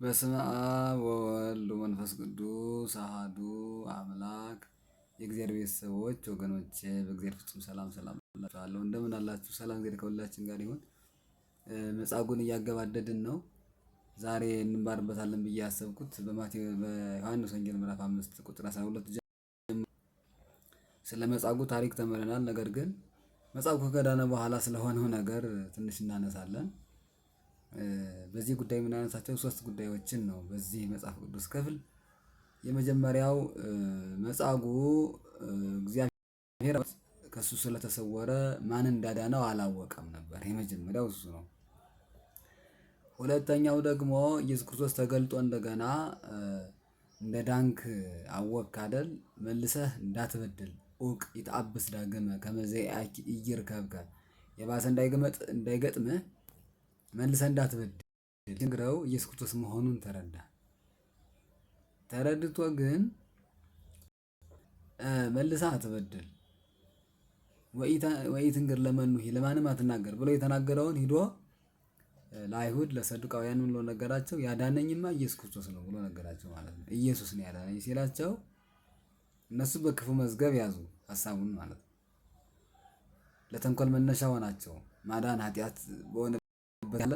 በስመ አብ ወወልድ ወመንፈስ ቅዱስ አሐዱ አምላክ። የእግዚአብሔር ቤተሰቦች ወገኖች በእግዚአብሔር ፍጹም ሰላም ሰላም እላችኋለሁ። እንደምን አላችሁ? ሰላም እግዚአብሔር ከሁላችን ጋር ይሁን። መጻጉን እያገባደድን ነው። ዛሬ እንባርበታለን ብዬ ያሰብኩት በዮሐንስ ወንጌል ምዕራፍ አምስት ቁጥር አስራ ሁለት ስለ መጻጉ ታሪክ ተምረናል። ነገር ግን መጻጉ ከገዳነ በኋላ ስለሆነው ነገር ትንሽ እናነሳለን። በዚህ ጉዳይ የምናነሳቸው ሶስት ጉዳዮችን ነው በዚህ መጽሐፍ ቅዱስ ክፍል። የመጀመሪያው መጻጉዕ እግዚአብሔር ከእሱ ስለተሰወረ ማን እንዳዳነው አላወቀም ነበር። የመጀመሪያው እሱ ነው። ሁለተኛው ደግሞ ኢየሱስ ክርስቶስ ተገልጦ እንደገና እንደ ዳንክ አወቅ አደል መልሰህ እንዳትበድል ኡቅ ይትአብስ ዳግመ ከመዘ ኢይርከብከ የባሰ እንዳይገጥምህ መልሰህ እንዳትበድል ነግረው ኢየሱስ ክርስቶስ መሆኑን ተረዳ። ተረድቶ ግን መልሰ አትበድል ወይ ትንግር ለመኑሂ ለማንም አትናገር ብሎ የተናገረውን ሂዶ ለአይሁድ ለሰዱቃውያን ብሎ ነገራቸው። ያዳነኝማ ኢየሱስ ክርስቶስ ነው ብሎ ነገራቸው ማለት ነው። ኢየሱስ ነው ያዳነኝ ሲላቸው እነሱ በክፉ መዝገብ ያዙ ሀሳቡን ማለት ነው። ለተንኮል መነሻ ሆናቸው ማዳን ኃጢአት በሆነ ያለ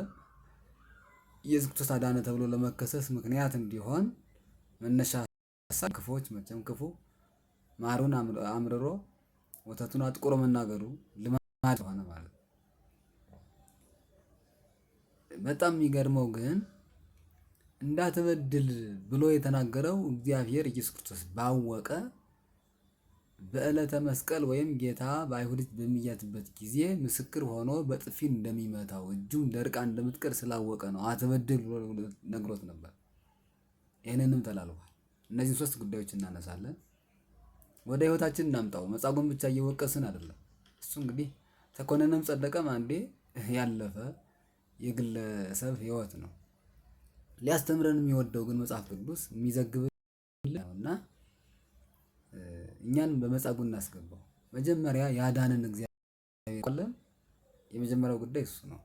ኢየሱስ አዳነ ተብሎ ለመከሰስ ምክንያት እንዲሆን መነሻ ሀሳብ ክፎች መቼም ክፉ ማሩን አምርሮ ወተቱን አጥቁሮ መናገሩ ልማድ ሆነ ማለት በጣም የሚገርመው ግን እንዳትበድል ብሎ የተናገረው እግዚአብሔር ኢየሱስ ክርስቶስ ባወቀ በዕለተ መስቀል ወይም ጌታ በአይሁድ በሚያትበት ጊዜ ምስክር ሆኖ በጥፊ እንደሚመታው እጁም ደርቃ እንደምትቀር ስላወቀ ነው። አትበድል ብሎ ነግሮት ነበር። ይህንንም ተላልፏል። እነዚህ ሶስት ጉዳዮች እናነሳለን። ወደ ህይወታችን እናምጣው። መጻጉን ብቻ እየወቀስን አይደለም። እሱ እንግዲህ ተኮነነም ጸደቀም አንዴ ያለፈ የግለሰብ ህይወት ነው። ሊያስተምረን የሚወደው ግን መጽሐፍ ቅዱስ የሚዘግብ እና እኛን በመጻጉ እናስገባው። መጀመሪያ ያዳንን እግዚአብሔር ለን የመጀመሪያው ጉዳይ እሱ ነው።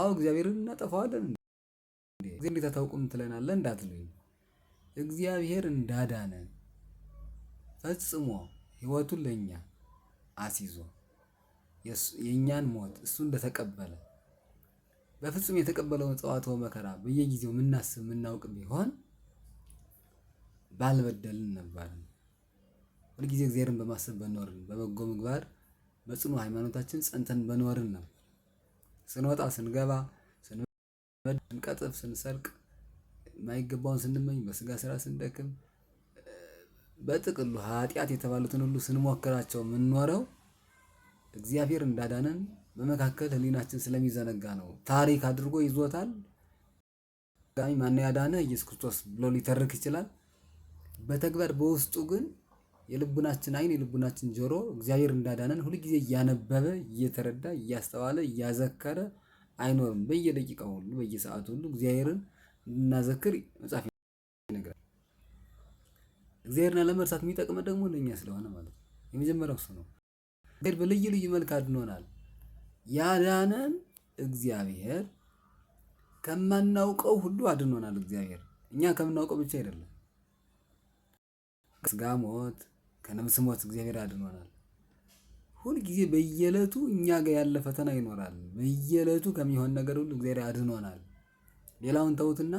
አዎ እግዚአብሔርን እናጠፋዋለን እንዴት አታውቁም ትለናለህ እንዳትሉኝ። እግዚአብሔር እንዳዳነን ፈጽሞ ህይወቱን ለእኛ አስይዞ የእኛን ሞት እሱ እንደተቀበለ በፍጹም የተቀበለውን ጸዋትወ መከራ በየጊዜው የምናስብ የምናውቅ ቢሆን ባልበደልን ነበርን። ሁልጊዜ እግዚአብሔርን በማሰብ በኖርን በበጎ ምግባር በጽኑ ሃይማኖታችን ጸንተን በኖርን ነው። ስንወጣ ስንገባ፣ ስንቀጥፍ፣ ስንሰርቅ፣ የማይገባውን ስንመኝ፣ በስጋ ስራ ስንደክም፣ በጥቅሉ ኃጢአት የተባሉትን ሁሉ ስንሞክራቸው የምንኖረው እግዚአብሔር እንዳዳነን በመካከል ህሊናችን ስለሚዘነጋ ነው። ታሪክ አድርጎ ይዞታል። ማነው ያዳነ? ኢየሱስ ክርስቶስ ብሎ ሊተርክ ይችላል። በተግባር በውስጡ ግን የልቡናችን አይን የልቡናችን ጆሮ እግዚአብሔር እንዳዳነን ሁልጊዜ እያነበበ እየተረዳ እያስተዋለ እያዘከረ አይኖርም። በየደቂቃው ሁሉ በየሰዓቱ ሁሉ እግዚአብሔርን እናዘክር መጽሐፍ ይነግራል። እግዚአብሔርን ለመርሳት የሚጠቅመ ደግሞ ለእኛ ስለሆነ ማለት ነው። የመጀመሪያው እሱ ነው። እግዚአብሔር በልዩ ልዩ መልክ አድኖናል። ያዳነን እግዚአብሔር ከማናውቀው ሁሉ አድኖናል። እግዚአብሔር እኛ ከምናውቀው ብቻ አይደለም ስጋ ሞት ቀንም ስሞት እግዚአብሔር አድኖናል። ሁልጊዜ በየዕለቱ እኛ ጋር ያለ ፈተና ይኖራል። በየዕለቱ ከሚሆን ነገር ሁሉ እግዚአብሔር አድኖናል። ሌላውን ተውትና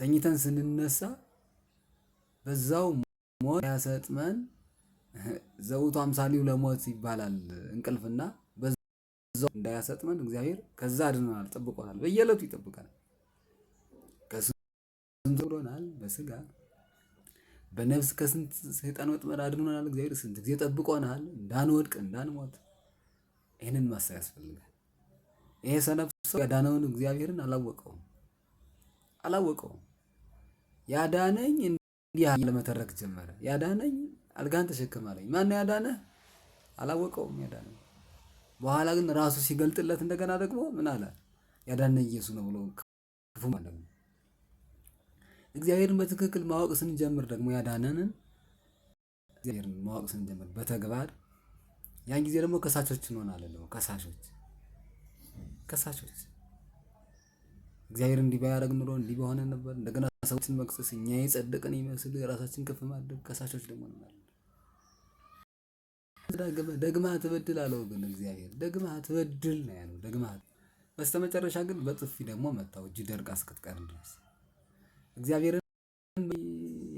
ተኝተን ስንነሳ በዛው ሞት ያሰጥመን ዘውቱ አምሳሊው ለሞት ይባላል እንቅልፍና በዛው እንዳያሰጥመን እግዚአብሔር ከዛ አድኖናል፣ ጠብቆናል። በየዕለቱ ይጠብቃል። ከስንቱ ብሎናል በስጋ በነፍስ ከስንት ሰይጣን ወጥመድ አድኖናል። እግዚአብሔር ስንት ጊዜ ጠብቆናል፣ እንዳንወድቅ እንዳንሞት። ይህንን ማሰብ ያስፈልጋል። ይሄ ሰነፍ ሰው ያዳነውን እግዚአብሔርን አላወቀውም አላወቀውም። ያዳነኝ እንዲህ ለመተረክ ጀመረ። ያዳነኝ አልጋን ተሸክማለኝ ማን ያዳነ አላወቀውም ያዳነ በኋላ ግን ራሱ ሲገልጥለት እንደገና ደግሞ ምን አለ? ያዳነ ኢየሱስ ነው ብሎ ክፉ ማለት ነው እግዚአብሔርን በትክክል ማወቅ ስንጀምር ደግሞ ያዳነንን እግዚአብሔርን ማወቅ ስንጀምር በተግባር ያን ጊዜ ደግሞ ከሳሾች እንሆናለን። ከሳሾች ከሳሾች እግዚአብሔር እንዲህ ባያደርግ ኑሮ እንዲህ በሆነ ነበር። እንደገና ሰዎችን መቅሰስ፣ እኛ የጸደቅን ይመስል የራሳችን ከፍ ማድረግ፣ ከሳሾች ደግሞ እንሆናለን። ደግማ ትበድል አለው። ግን እግዚአብሔር ደግማ ትበድል ነው ያለው። ደግማ በስተመጨረሻ ግን በጥፊ ደግሞ መታው እጅ ደርቅ እስክትቀር ድረስ እግዚአብሔርን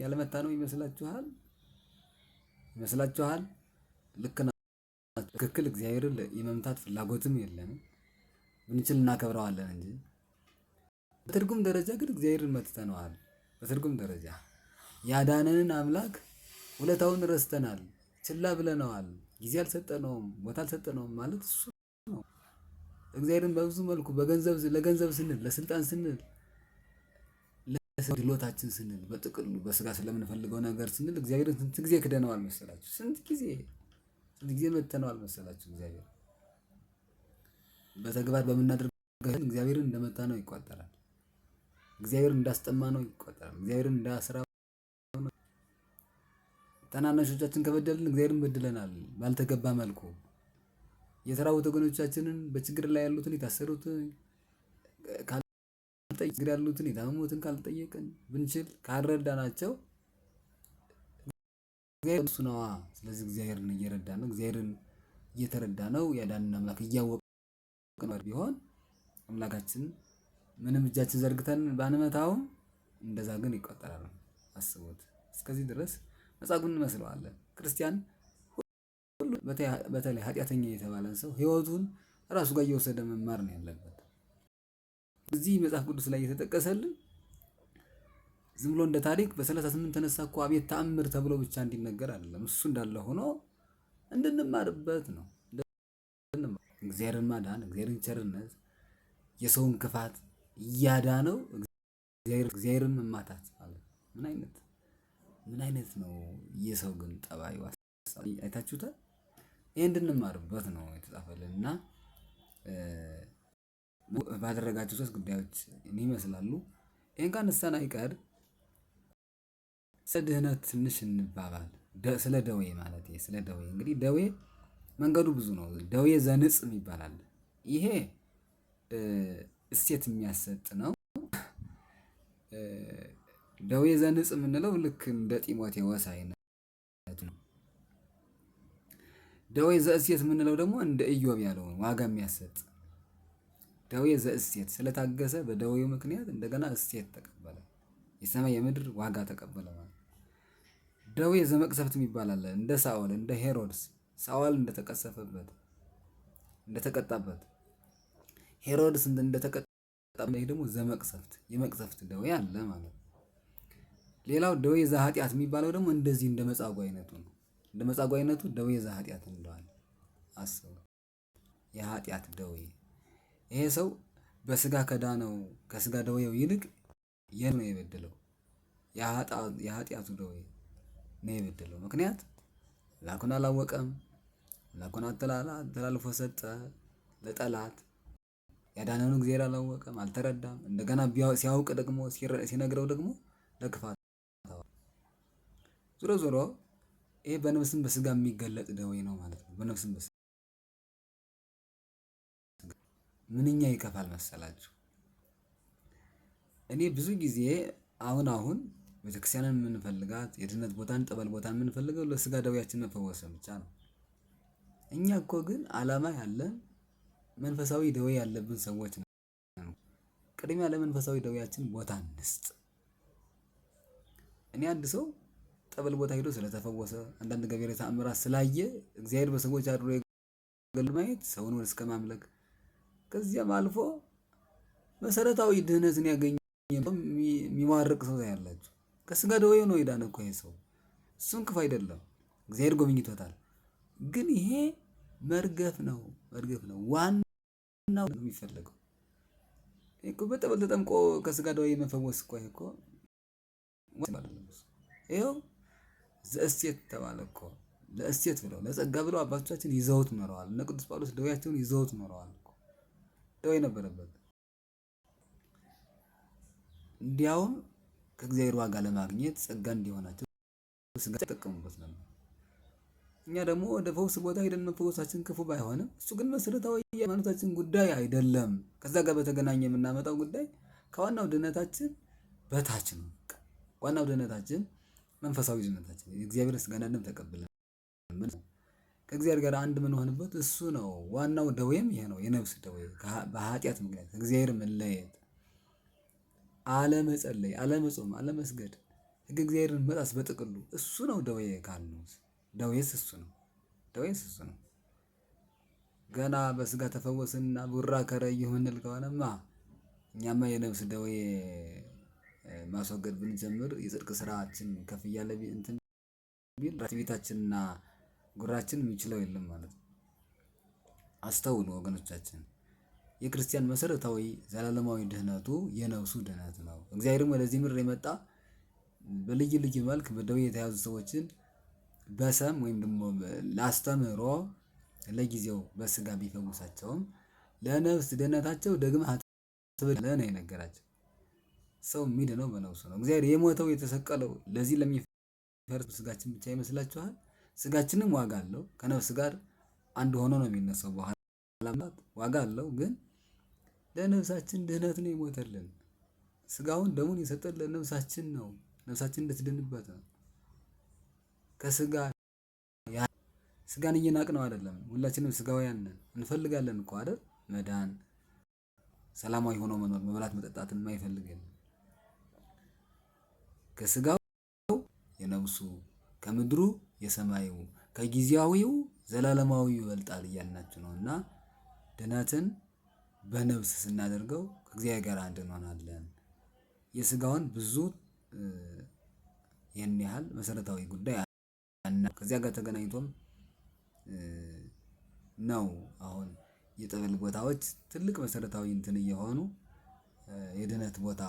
ያለመታ ነው ይመስላችኋል? ይመስላችኋል? ልክ ትክክል። እግዚአብሔርን የመምታት ፍላጎትም የለንም። ብንችል እናከብረዋለን እንጂ በትርጉም ደረጃ ግን እግዚአብሔርን መትተነዋል። በትርጉም ደረጃ ያዳነንን አምላክ ውለታውን ረስተናል፣ ችላ ብለነዋል፣ ጊዜ አልሰጠነውም፣ ቦታ አልሰጠነውም ማለት እሱ ነው። እግዚአብሔርን በብዙ መልኩ በገንዘብ ለገንዘብ ስንል ለስልጣን ስንል ድሎታችን ስንል በጥቅሉ በስጋ ስለምንፈልገው ነገር ስንል እግዚአብሔር ስንት ጊዜ ክደነዋል አልመሰላችሁ? ስንት ጊዜ ስንት ጊዜ መተነዋል መሰላችሁ? እግዚአብሔር በተግባር በምናደርገው እግዚአብሔርን እንደመታ ነው ይቆጠራል። እግዚአብሔር እንዳስጠማ ነው ይቆጠራል። እግዚአብሔር እንዳስራ ተናናሾቻችን ከበደልን እግዚአብሔርን በድለናል። ባልተገባ መልኩ የተራቡ ወገኖቻችንን በችግር ላይ ያሉትን የታሰሩትን ካልጠየቅን ያሉትን የታመሙትን ካልጠየቅን ብንችል ናቸው እሱ ነዋ። ስለዚህ እግዚአብሔርን እየረዳ ነው፣ እግዚአብሔርን እየተረዳ ነው። ያዳንን አምላክ እያወቅን ቢሆን አምላካችን ምንም እጃችን ዘርግተን ባንመታውም እንደዛ ግን ይቆጠራል። አስቡት። እስከዚህ ድረስ መጻጉዕን እንመስለዋለን። ክርስቲያን ሁሉ በተለይ ኃጢአተኛ የተባለን ሰው ህይወቱን ራሱ ጋር እየወሰደ መማር ነው ያለበት። እዚህ መጽሐፍ ቅዱስ ላይ የተጠቀሰልን ዝም ብሎ እንደ ታሪክ በ38 ተነሳ እኮ አቤት ተአምር ተብሎ ብቻ እንዲነገር አይደለም። እሱ እንዳለ ሆኖ እንድንማርበት ነው። እግዚአብሔርን ማዳን፣ እግዚአብሔርን ቸርነት፣ የሰውን ክፋት እያዳ ነው። እግዚአብሔርን መማታት ምን አይነት ምን አይነት ነው? የሰው ግን ጠባይ አይታችሁታል። ይህ እንድንማርበት ነው የተጻፈልን እና ባደረጋቸው ሶስት ጉዳዮች ይመስላሉ። ይህን ካነሳን አይቀር ስለ ድህነት ትንሽ እንባባል። ስለ ደዌ ማለት ስለ ደዌ እንግዲህ ደዌ መንገዱ ብዙ ነው። ደዌ ዘንጽ ይባላል። ይሄ እሴት የሚያሰጥ ነው። ደዌ ዘንጽ የምንለው ልክ እንደ ጢሞቴዎስ አይነት ነው። ደዌ ዘእሴት የምንለው ደግሞ እንደ ኢዮብ ያለውን ዋጋ የሚያሰጥ ደዌ ዘእስቴት ስለታገሰ በደዌው ምክንያት እንደገና እስቴት ተቀበለ። የሰማይ የምድር ዋጋ ተቀበለ ማለት ደዌ ዘመቅሰፍት የሚባል አለ። እንደ ሳኦል እንደ ሄሮድስ ሳኦል እንደተቀሰፈበት እንደተቀጣበት ሄሮድስ እንደተቀጣበት ይህ ደግሞ ዘመቅሰፍት የመቅሰፍት ደዌ አለ ማለት። ሌላው ደዌ ዘኃጢአት የሚባለው ደግሞ እንደዚህ እንደ መጻጉ አይነቱ ነው። እንደ መጻጉ አይነቱ ደዌ ዘኃጢአት እንደዋል አስቡ። የኃጢአት ደዌ ይሄ ሰው በስጋ ከዳነው ከስጋ ደዌው ይልቅ የት ነው የበደለው? የኃጢአቱ ደዌ ነው የበደለው። ምክንያት ላኩን አላወቀም፣ ላኩን ተላልፎ ሰጠ ለጠላት። ያዳነውን እግዚአብሔር አላወቀም፣ አልተረዳም። እንደገና ሲያውቅ ደግሞ ሲነግረው ደግሞ ለክፋት ዞሮ ዞሮ ይሄ በነፍስም በስጋ የሚገለጥ ደዌ ነው ማለት ነው። በነፍስም በስጋ ምንኛ ይከፋል መሰላችሁ። እኔ ብዙ ጊዜ አሁን አሁን ቤተክርስቲያንን የምንፈልጋት የድነት ቦታን ጠበል ቦታን የምንፈልገው ለስጋ ደዌያችን መፈወሰ ብቻ ነው። እኛ እኮ ግን አላማ ያለን መንፈሳዊ ደዌ ያለብን ሰዎች ነው። ቅድሚያ ለመንፈሳዊ ደዌያችን ቦታ እንስጥ። እኔ አንድ ሰው ጠበል ቦታ ሄዶ ስለተፈወሰ አንዳንድ ገቢረ ተአምራት ስላየ እግዚአብሔር በሰዎች አድሮ የገሉ ማየት ሰውን ወደ እስከ ማምለክ ከዚያም አልፎ መሰረታዊ ድህነትን ያገኘ የሚማርቅ ሰው ያላችሁ ከስጋ ደዌ ነው የዳነ እኮ ይሄ ሰው። እሱን ክፉ አይደለም፣ እግዚአብሔር ጎብኝቶታል። ግን ይሄ መርገፍ ነው፣ መርገፍ ነው። ዋናው ነው የሚፈለገው እኮ በጠበል ተጠምቆ ከስጋ ደዌ መፈወስ እኮ ይሄ እኮ ይኸው ዘእሴት ተባለ እኮ ለእሴት ብለው ለጸጋ ብለው አባቶቻችን ይዘውት ኖረዋል። እነ ቅዱስ ጳውሎስ ደዌያቸውን ይዘውት ኖረዋል። ደዌ የነበረበት እንዲያውም ከእግዚአብሔር ዋጋ ለማግኘት ጸጋ እንዲሆናቸው ስጋ ተጠቀሙበት ነበር። እኛ ደግሞ ወደ ፈውስ ቦታ ሄደን መፈወሳችን ክፉ ባይሆንም እሱ ግን መሰረታዊ የሃይማኖታችን ጉዳይ አይደለም። ከዛ ጋር በተገናኘ የምናመጣው ጉዳይ ከዋናው ድህነታችን በታች ነው። ዋናው ድህነታችን መንፈሳዊ ድህነታችን የእግዚአብሔር ስጋና ደም ተቀብለን ከእግዚአብሔር ጋር አንድ የምንሆንበት እሱ ነው። ዋናው ደዌም ይሄ ነው፣ የነፍስ ደዌ በኃጢአት ምክንያት ከእግዚአብሔር መለየት፣ አለመጸለይ፣ አለመጾም፣ አለመስገድ፣ ሕገ እግዚአብሔርን መጣስ በጥቅሉ እሱ ነው ደዌ ካልነው። ደዌስ እሱ ነው፣ ደዌስ እሱ ነው። ገና በስጋ ተፈወስና ቡራ ከረ ይሁንል ከሆነማ እኛማ የነፍስ ደዌ ማስወገድ ብንጀምር የጽድቅ ስራችን ከፍ እያለ ቤታችንና ጉራችን የሚችለው የለም ማለት ነው። አስተውሉ ወገኖቻችን፣ የክርስቲያን መሰረታዊ ዘላለማዊ ድህነቱ የነፍሱ ድህነት ነው። እግዚአብሔርም ወደዚህ ምድር የመጣ በልዩ ልዩ መልክ በደዌ የተያዙ ሰዎችን በሰም ወይም ደግሞ ላስተምሮ ለጊዜው በስጋ ቢፈውሳቸውም ለነፍስ ድህነታቸው ደግመ አትበል ነው የነገራቸው። ሰው የሚድነው በነፍሱ ነው። እግዚአብሔር የሞተው የተሰቀለው ለዚህ ለሚፈርስ ስጋችን ብቻ ይመስላችኋል? ስጋችንም ዋጋ አለው ከነፍስ ጋር አንድ ሆኖ ነው የሚነሳው። በኋላ ዋጋ አለው ግን ለነፍሳችን ድህነት ነው የሞተልን። ስጋውን ደሙን የሰጠን ለነፍሳችን ነው፣ ነፍሳችን እንድትድንበት ነው። ከስጋ ስጋን እየናቅ ነው አይደለም። ሁላችንም ስጋውያን ነን። እንፈልጋለን እኮ አይደል መዳን፣ ሰላማዊ ሆኖ መኖር፣ መብላት መጠጣትን የማይፈልግን ከስጋው የነብሱ ከምድሩ የሰማዩ ከጊዜያዊው ዘላለማዊ ይበልጣል እያልናችሁ ነው። እና ድነትን በነብስ ስናደርገው ከእግዚአብሔር ጋር አንድ እንሆናለን። የስጋውን ብዙ ይህን ያህል መሰረታዊ ጉዳይ ከዚያ ጋር ተገናኝቶም ነው አሁን የጠበል ቦታዎች ትልቅ መሰረታዊ እንትን እየሆኑ የድነት ቦታ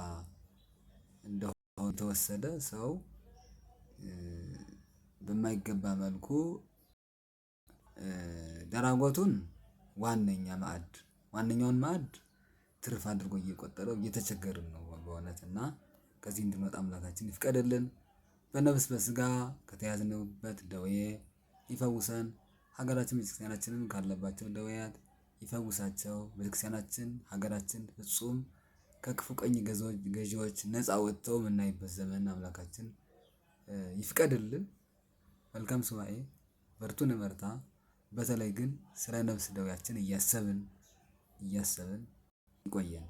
እንደሆነ የተወሰደ ሰው በማይገባ መልኩ ደራጎቱን ዋነኛ ማዕድ ዋነኛውን ማዕድ ትርፍ አድርጎ እየቆጠረው እየተቸገርን ነው በእውነት እና ከዚህ እንድንወጣ አምላካችን ይፍቀድልን። በነፍስ በስጋ ከተያዝንበት ደዌ ይፈውሰን። ሀገራችን ቤተክርስቲያናችንን ካለባቸው ደዌያት ይፈውሳቸው። ቤተክርስቲያናችን ሀገራችን ፍጹም ከክፉ ቀኝ ገዢዎች ነፃ ወጥተው የምናይበት ዘመን አምላካችን ይፍቀድልን። መልካም ሱባኤ በርቱን እመርታ። በተለይ ግን ስለ ነፍስ ደዌያችን እያሰብን እያሰብን ይቆየን።